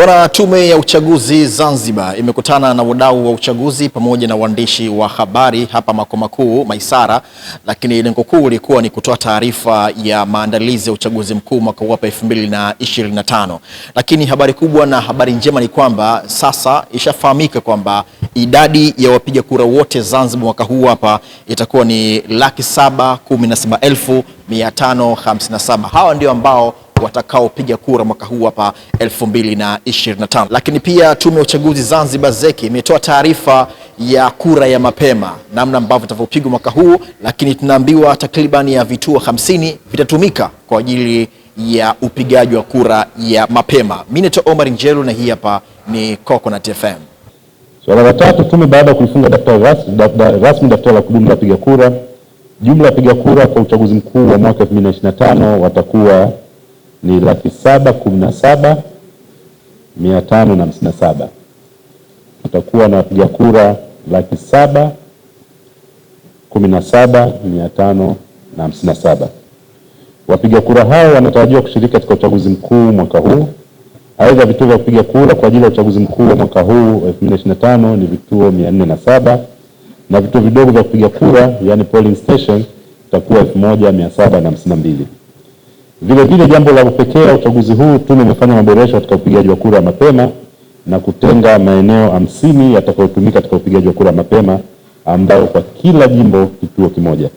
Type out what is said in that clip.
Bwana, Tume ya Uchaguzi Zanzibar imekutana na wadau wa uchaguzi pamoja na waandishi wa habari hapa makao makuu Maisara, lakini lengo kuu lilikuwa ni kutoa taarifa ya maandalizi ya uchaguzi mkuu mwaka huu hapa 2025. Lakini habari kubwa na habari njema ni kwamba sasa ishafahamika kwamba idadi ya wapiga kura wote Zanzibar mwaka huu hapa itakuwa ni laki saba kumi na saba elfu mia tano hamsini na saba. Hawa ndio ambao watakaopiga kura mwaka huu hapa 2025. Lakini pia tume ya uchaguzi Zanzibar ZEC imetoa taarifa ya kura ya mapema, namna ambavyo itavyopigwa mwaka huu, lakini tunaambiwa takriban ya vituo 50 vitatumika kwa ajili ya upigaji wa kura ya mapema. Mimi naitwa Omar Njelu na hii hapa ni Coconut FM. Swala la tatu, tume baada ya kuifunga daftari rasmi daftari daftar la kudumu la piga kura, jumla ya piga kura kwa uchaguzi mkuu wa mwaka 2025 watakuwa ni laki saba kumi na saba mia tano na hamsini na saba. Tutakuwa na wapiga kura laki saba kumi na saba mia tano na hamsini na saba. Wapiga kura hao wanatarajiwa kushiriki katika uchaguzi mkuu mwaka huu. Aidha, vituo vya kupiga kura kwa ajili ya uchaguzi mkuu wa mwaka huu 2025 ni vituo 407 na vituo vidogo vya kupiga kura, yani polling station, itakuwa 1752. Vilevile, jambo la upekee la uchaguzi huu, tume imefanya maboresho katika upigaji wa kura mapema na kutenga maeneo hamsini yatakayotumika katika upigaji wa kura mapema, ambayo kwa kila jimbo kituo kimoja.